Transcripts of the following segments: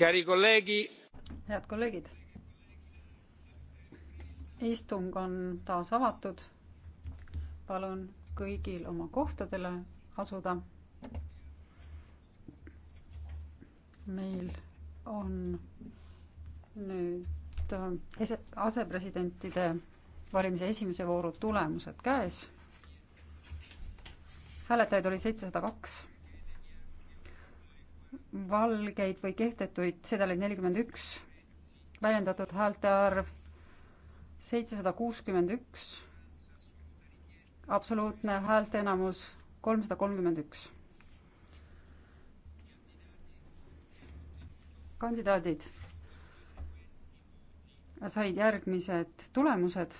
head kolleegid. istung on taas avatud. palun kõigil oma kohtadele asuda. meil on nüüd äh, asepresidentide valimise esimese vooru tulemused käes. hääletajaid oli seitsesada kaks valgeid või kehtetuid sedeleid nelikümmend üks, väljendatud häälte arv seitsesada kuuskümmend üks, absoluutne häälteenamus kolmsada kolmkümmend üks. kandidaadid said järgmised tulemused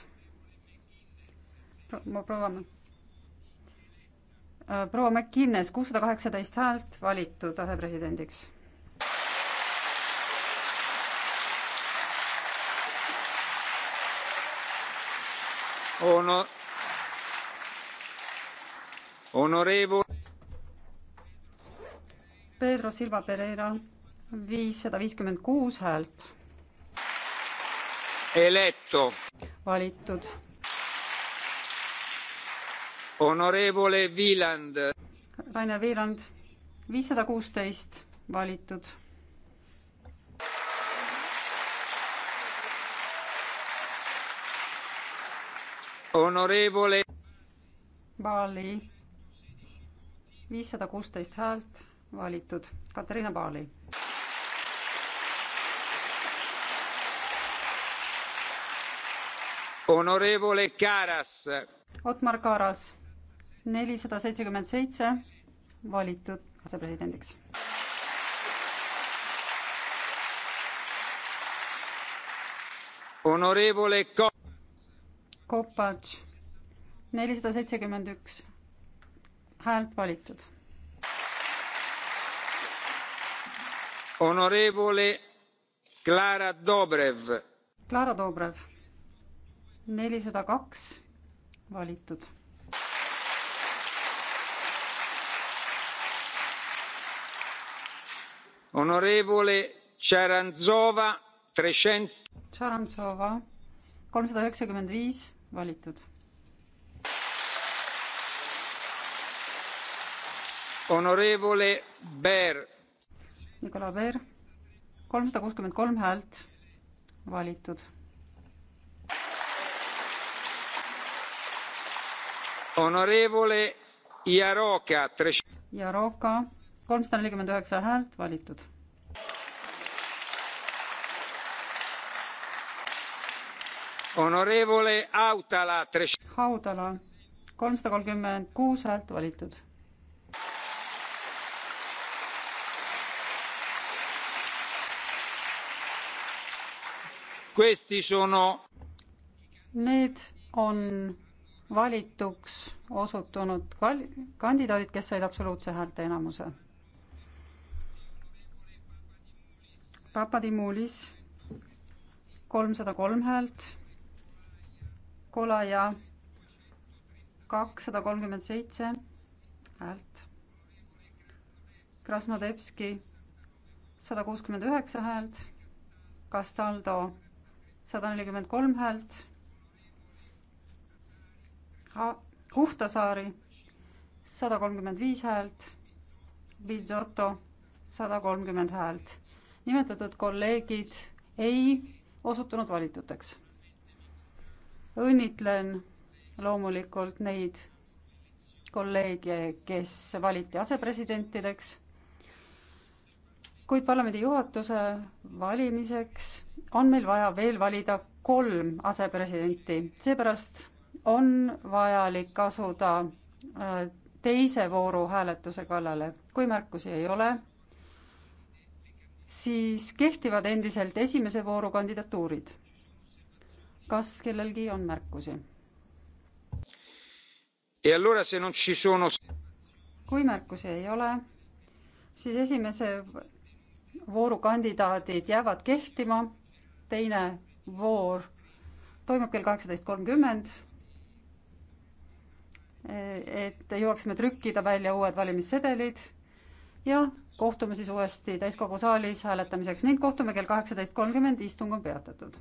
Pro. proua Äh, proua McInnes, kuussada kaheksateist häält valitud asepresidendiks. Ono-, honoreevu-. Pedro Silva Pereira, viissada viiskümmend kuus häält. Eletto. valitud Honorevole Wieland. Rainer Wieland, viissada kuusteist valitud. Honorevole. Baali, viissada kuusteist häält valitud. Katariina Baali. Honorevole Karas. Otmar Karas nelisada seitsekümmend seitse valitud asepresidendiks. Honorevole Kopatš, nelisada seitsekümmend üks häält valitud. Honorevole Clara Dobrev. Clara Dobrev, nelisada kaks valitud Honorevole Tšarantsova, trecent-. Tšarantsova, kolmsada üheksakümmend viis valitud. Honorevole Baer. Nicolas Baer, kolmsada kuuskümmend kolm häält valitud. Honorevole Jaroka. Jaroka kolmsada nelikümmend üheksa häält valitud. Honorevole Autala. Haudala, kolmsada kolmkümmend kuus häält valitud Need on valituks osutunud kandidaadid, kes said absoluutse häälteenamuse. Papadimulis kolmsada kolm häält, Kolaja kakssada kolmkümmend seitse häält, Krasnodebski sada kuuskümmend üheksa häält, Castaldo sada nelikümmend kolm häält, Huhtasaari sada kolmkümmend viis häält, Vizotto sada kolmkümmend häält nimetatud kolleegid ei osutunud valituteks. õnnitlen loomulikult neid kolleege, kes valiti asepresidentideks, kuid parlamendi juhatuse valimiseks on meil vaja veel valida kolm asepresidenti, seepärast on vajalik asuda äh, teise vooru hääletuse kallale. kui märkusi ei ole siis kehtivad endiselt esimese vooru kandidatuurid. kas kellelgi on märkusi? E kui märkusi ei ole, siis esimese vooru kandidaadid jäävad kehtima, teine voor toimub kell kaheksateist kolmkümmend. E, et jõuaksime trükkida välja uued valimissedelid ja kohtume siis uuesti täiskogu saalis hääletamiseks ning kohtume kell kaheksateist kolmkümmend, istung on peatatud.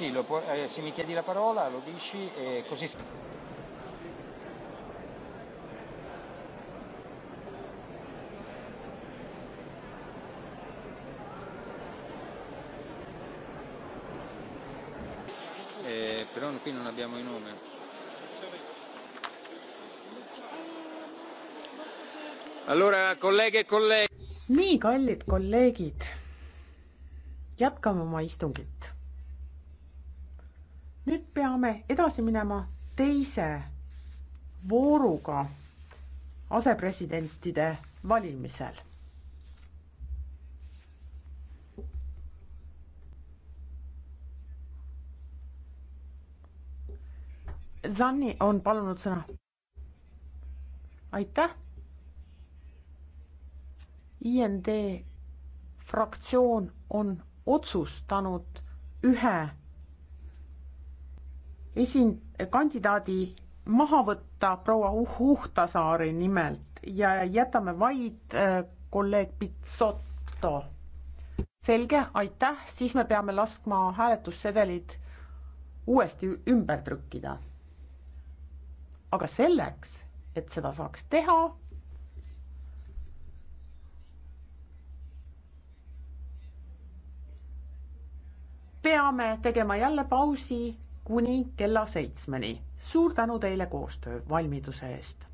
sì, lo può, eh, se mi chiedi la parola lo dici e così. Eh, però qui non abbiamo i nomi. Allora, colleghe e colleghi. nii, kallid kolleegid, jätkame oma istungit peame edasi minema teise vooruga asepresidentide valimisel. Zanni on palunud sõna. aitäh. IND fraktsioon on otsustanud ühe esin-, kandidaadi maha võtta proua Huhtasaari uh-, nimelt ja jätame vaid äh, kolleeg Pitsoto. selge, aitäh, siis me peame laskma hääletussedelid uuesti ümber trükkida. aga selleks, et seda saaks teha, peame tegema jälle pausi kuni kella seitsmeni. suur tänu teile koostöö valmiduse eest!